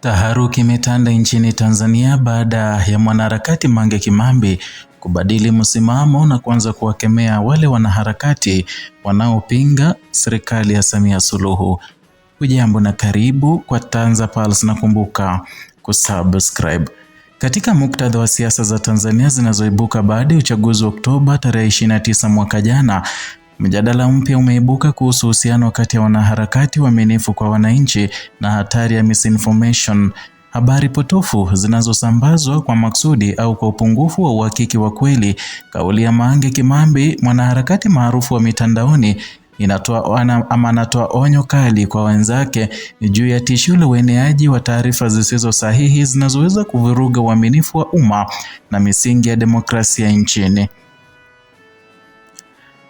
Taharuki imetanda nchini Tanzania baada ya mwanaharakati Mange Kimambi kubadili msimamo na kuanza kuwakemea wale wanaharakati wanaopinga serikali ya Samia Suluhu. Hujambo na karibu kwa Tanza Pulse na kumbuka kusubscribe. Katika muktadha wa siasa za Tanzania zinazoibuka baada ya uchaguzi wa Oktoba tarehe 29 mwaka jana, Mjadala mpya umeibuka kuhusu uhusiano kati ya wanaharakati waaminifu kwa wananchi na hatari ya misinformation, habari potofu zinazosambazwa kwa maksudi au kwa upungufu wa uhakiki wa kweli. Kauli ya Mange Kimambi, mwanaharakati maarufu wa mitandaoni, inatoa ama anatoa onyo kali kwa wenzake juu ya tishio la ueneaji wa taarifa zisizo sahihi zinazoweza kuvuruga uaminifu wa umma na misingi ya demokrasia nchini.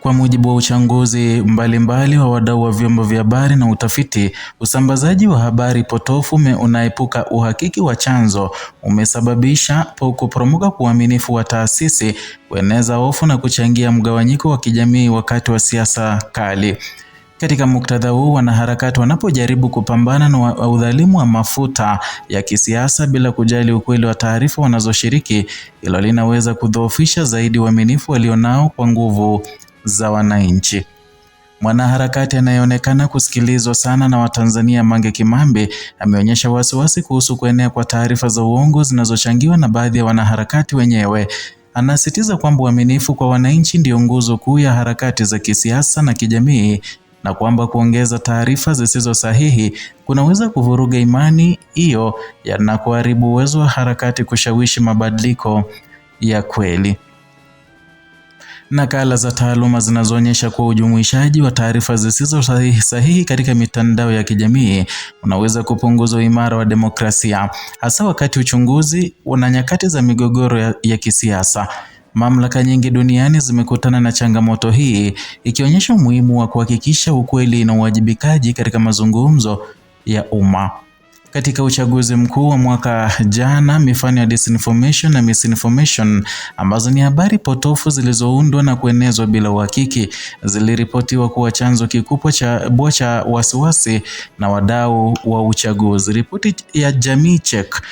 Kwa mujibu wa uchanguzi mbalimbali wa wadau wa vyombo vya habari na utafiti, usambazaji wa habari potofu unaepuka uhakiki wa chanzo, umesababisha kuporomoka kwa uaminifu wa taasisi, kueneza hofu na kuchangia mgawanyiko wa kijamii wakati wa siasa kali. Katika muktadha huu, wanaharakati wanapojaribu kupambana na udhalimu wa mafuta ya kisiasa bila kujali ukweli wa taarifa wanazoshiriki, hilo linaweza kudhoofisha zaidi uaminifu walionao kwa nguvu za wananchi. Mwanaharakati anayeonekana kusikilizwa sana na Watanzania, Mange Kimambi, ameonyesha wasiwasi kuhusu kuenea kwa taarifa za uongo zinazochangiwa na baadhi ya wanaharakati wenyewe. Anasisitiza kwamba uaminifu kwa wananchi ndiyo nguzo kuu ya harakati za kisiasa na kijamii na kwamba kuongeza taarifa zisizo sahihi kunaweza kuvuruga imani hiyo na kuharibu uwezo wa harakati kushawishi mabadiliko ya kweli nakala za taaluma zinazoonyesha kuwa ujumuishaji wa taarifa zisizo sahihi, sahihi katika mitandao ya kijamii unaweza kupunguza uimara wa demokrasia, hasa wakati uchunguzi una nyakati za migogoro ya, ya kisiasa. Mamlaka nyingi duniani zimekutana na changamoto hii, ikionyesha umuhimu wa kuhakikisha ukweli na uwajibikaji katika mazungumzo ya umma. Katika uchaguzi mkuu wa mwaka jana, mifano ya disinformation na misinformation ambazo ni habari potofu zilizoundwa na kuenezwa bila uhakiki ziliripotiwa kuwa chanzo kikubwa cha cha wasiwasi na wadau wa uchaguzi. Ripoti ya Jamii Check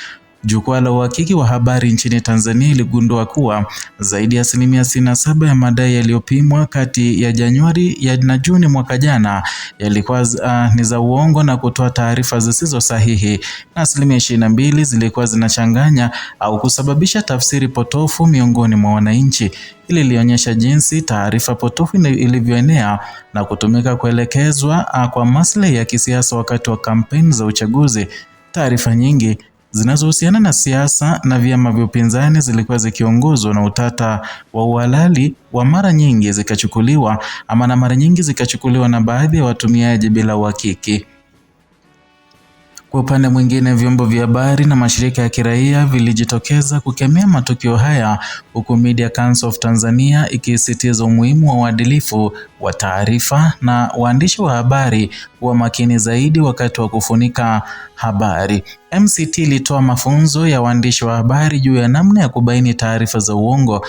Jukwaa la uhakiki wa habari nchini Tanzania iligundua kuwa zaidi ya asilimia 67 ya madai yaliyopimwa kati ya Januari ya na Juni mwaka jana yalikuwa uh, ni za uongo na kutoa taarifa zisizo sahihi, na asilimia 22 zilikuwa zinachanganya au kusababisha tafsiri potofu miongoni mwa wananchi. Hili lionyesha jinsi taarifa potofu ilivyoenea na kutumika kuelekezwa ah, kwa maslahi ya kisiasa wakati wa kampeni za uchaguzi. Taarifa nyingi zinazohusiana na siasa na vyama vya upinzani zilikuwa zikiongozwa na utata wa uhalali wa mara nyingi zikachukuliwa ama na mara nyingi zikachukuliwa na baadhi ya watumiaji bila uhakiki. Kwa upande mwingine, vyombo vya habari na mashirika ya kiraia vilijitokeza kukemea matukio haya huku Media Council of Tanzania ikisisitiza umuhimu wa uadilifu wa taarifa na waandishi wa habari kuwa makini zaidi wakati wa kufunika habari. MCT ilitoa mafunzo ya waandishi wa habari juu ya namna ya kubaini taarifa za uongo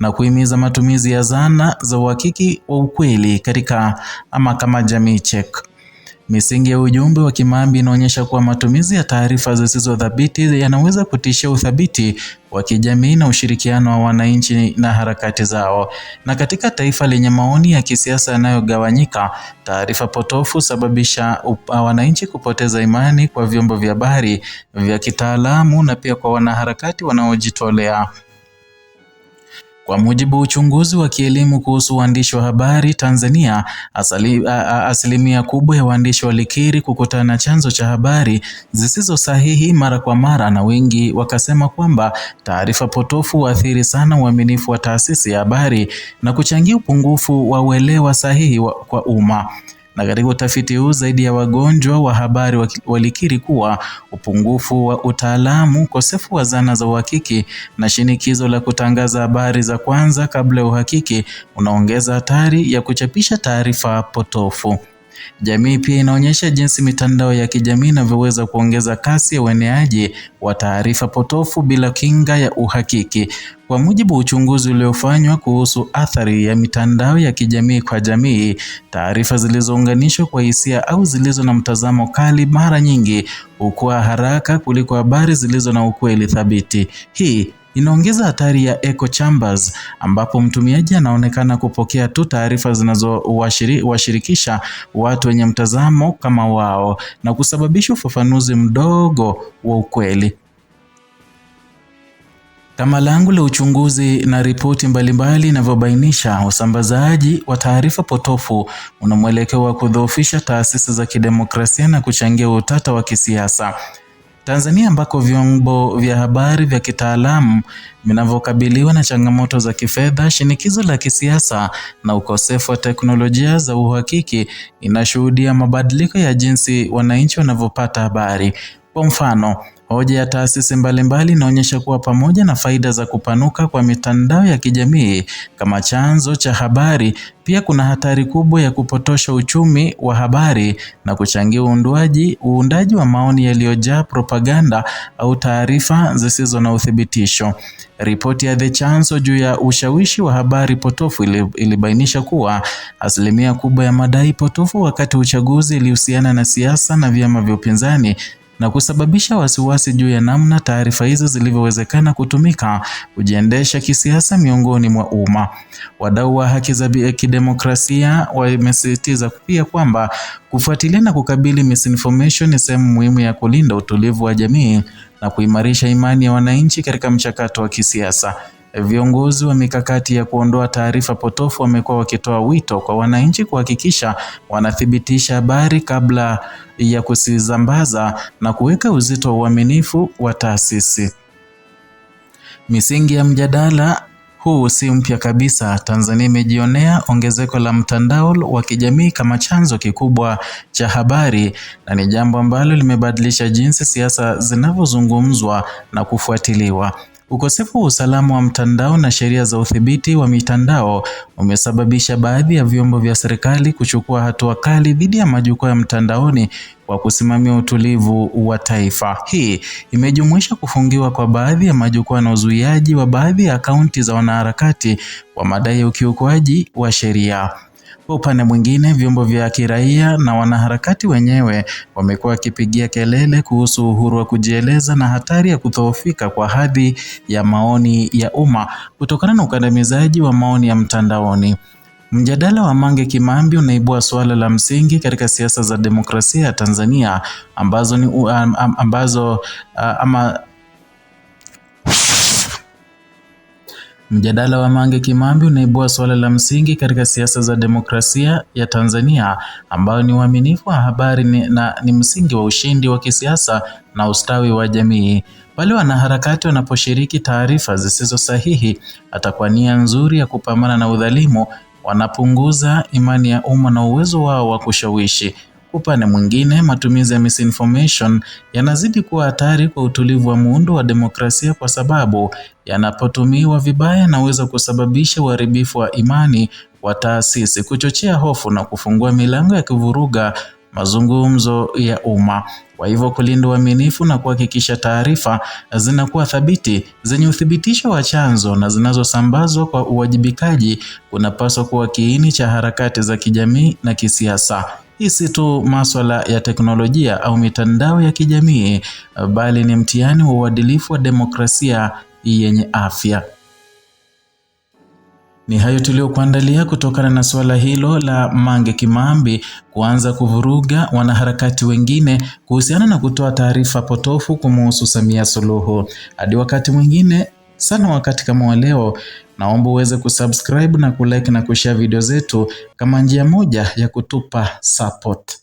na kuhimiza matumizi ya zana za uhakiki wa ukweli katika ama kama jamii check. Misingi ya ujumbe wa Kimambi inaonyesha kuwa matumizi ya taarifa zisizothabiti yanaweza kutishia uthabiti wa kijamii na ushirikiano wa wananchi na harakati zao. Na katika taifa lenye maoni ya kisiasa yanayogawanyika, taarifa potofu sababisha wananchi kupoteza imani kwa vyombo vya habari vya kitaalamu na pia kwa wanaharakati wanaojitolea. Kwa mujibu wa uchunguzi wa kielimu kuhusu waandishi wa habari Tanzania, asilimia kubwa ya waandishi walikiri kukutana na chanzo cha habari zisizo sahihi mara kwa mara, na wengi wakasema kwamba taarifa potofu huathiri sana uaminifu wa taasisi ya habari na kuchangia upungufu wa uelewa sahihi kwa umma. Na katika utafiti huu zaidi ya wagonjwa wa habari walikiri kuwa upungufu wa utaalamu, ukosefu wa zana za uhakiki na shinikizo la kutangaza habari za kwanza kabla ya uhakiki unaongeza hatari ya kuchapisha taarifa potofu. Jamii pia inaonyesha jinsi mitandao ya kijamii inavyoweza kuongeza kasi ya ueneaji wa taarifa potofu bila kinga ya uhakiki. Kwa mujibu wa uchunguzi uliofanywa kuhusu athari ya mitandao ya kijamii kwa jamii, taarifa zilizounganishwa kwa hisia au zilizo na mtazamo kali mara nyingi hukua haraka kuliko habari zilizo na ukweli thabiti. Hii Inaongeza hatari ya echo chambers ambapo mtumiaji anaonekana kupokea tu taarifa zinazowashirikisha watu wenye mtazamo kama wao na kusababisha ufafanuzi mdogo wa ukweli. kama langu la uchunguzi na ripoti mbalimbali inavyobainisha, usambazaji wa taarifa potofu una mwelekeo wa kudhoofisha taasisi za kidemokrasia na kuchangia utata wa kisiasa. Tanzania ambako vyombo vya habari vya kitaalamu vinavyokabiliwa na changamoto za kifedha, shinikizo la kisiasa na ukosefu wa teknolojia za uhakiki, inashuhudia mabadiliko ya jinsi wananchi wanavyopata habari. Kwa mfano, Hoja ya taasisi mbalimbali inaonyesha kuwa pamoja na faida za kupanuka kwa mitandao ya kijamii kama chanzo cha habari, pia kuna hatari kubwa ya kupotosha uchumi wa habari na kuchangia uundwaji uundaji wa maoni yaliyojaa propaganda au taarifa zisizo na uthibitisho. Ripoti ya The Chanzo juu ya ushawishi wa habari potofu ilibainisha kuwa asilimia kubwa ya madai potofu wakati uchaguzi ilihusiana na siasa na vyama vya upinzani na kusababisha wasiwasi juu ya namna taarifa hizo zilivyowezekana kutumika kujiendesha kisiasa miongoni mwa umma. Wadau wa haki za kidemokrasia wamesisitiza pia kwamba kufuatilia na kukabili misinformation ni sehemu muhimu ya kulinda utulivu wa jamii na kuimarisha imani ya wananchi katika mchakato wa kisiasa. Viongozi wa mikakati ya kuondoa taarifa potofu wamekuwa wakitoa wito kwa wananchi kuhakikisha wanathibitisha habari kabla ya kusizambaza na kuweka uzito wa uaminifu wa taasisi. Misingi ya mjadala huu si mpya kabisa. Tanzania imejionea ongezeko la mtandao wa kijamii kama chanzo kikubwa cha habari na ni jambo ambalo limebadilisha jinsi siasa zinavyozungumzwa na kufuatiliwa. Ukosefu wa usalama wa mtandao na sheria za udhibiti wa mitandao umesababisha baadhi ya vyombo vya serikali kuchukua hatua kali dhidi ya majukwaa ya mtandaoni kwa kusimamia utulivu wa taifa. Hii imejumuisha kufungiwa kwa baadhi ya majukwaa na uzuiaji wa baadhi ya akaunti za wanaharakati kwa madai ya ukiukwaji wa sheria. Kwa upande mwingine, vyombo vya kiraia na wanaharakati wenyewe wamekuwa wakipigia kelele kuhusu uhuru wa kujieleza na hatari ya kudhoofika kwa hadhi ya maoni ya umma kutokana na ukandamizaji wa maoni ya mtandaoni. Mjadala wa Mange Kimambi unaibua suala la msingi katika siasa za demokrasia ya Tanzania ambazo ni ambazo ama Mjadala wa Mange Kimambi unaibua suala la msingi katika siasa za demokrasia ya Tanzania ambayo ni uaminifu wa habari ni, na ni msingi wa ushindi wa kisiasa na ustawi wa jamii. Pale wanaharakati wanaposhiriki taarifa zisizo sahihi, hata kwa nia nzuri ya kupambana na udhalimu, wanapunguza imani ya umma na uwezo wao wa kushawishi. Upande mwingine, matumizi ya misinformation yanazidi kuwa hatari kwa utulivu wa muundo wa demokrasia kwa sababu yanapotumiwa vibaya yanaweza kusababisha uharibifu wa imani wa taasisi, kuchochea hofu na kufungua milango ya kuvuruga mazungumzo ya umma. Kwa hivyo kulinda uaminifu na kuhakikisha taarifa zinakuwa thabiti, zenye uthibitisho wa chanzo na zinazosambazwa kwa uwajibikaji kunapaswa kuwa kiini cha harakati za kijamii na kisiasa si tu maswala ya teknolojia au mitandao ya kijamii, bali ni mtihani wa uadilifu wa demokrasia yenye afya. Ni hayo tuliyokuandalia kutokana na suala hilo la Mange Kimambi kuanza kuvuruga wanaharakati wengine kuhusiana na kutoa taarifa potofu kumuhusu Samia Suluhu. Hadi wakati mwingine sana, wakati kama wa leo, Naomba uweze kusubscribe na kulike na kushare video zetu kama njia moja ya kutupa support.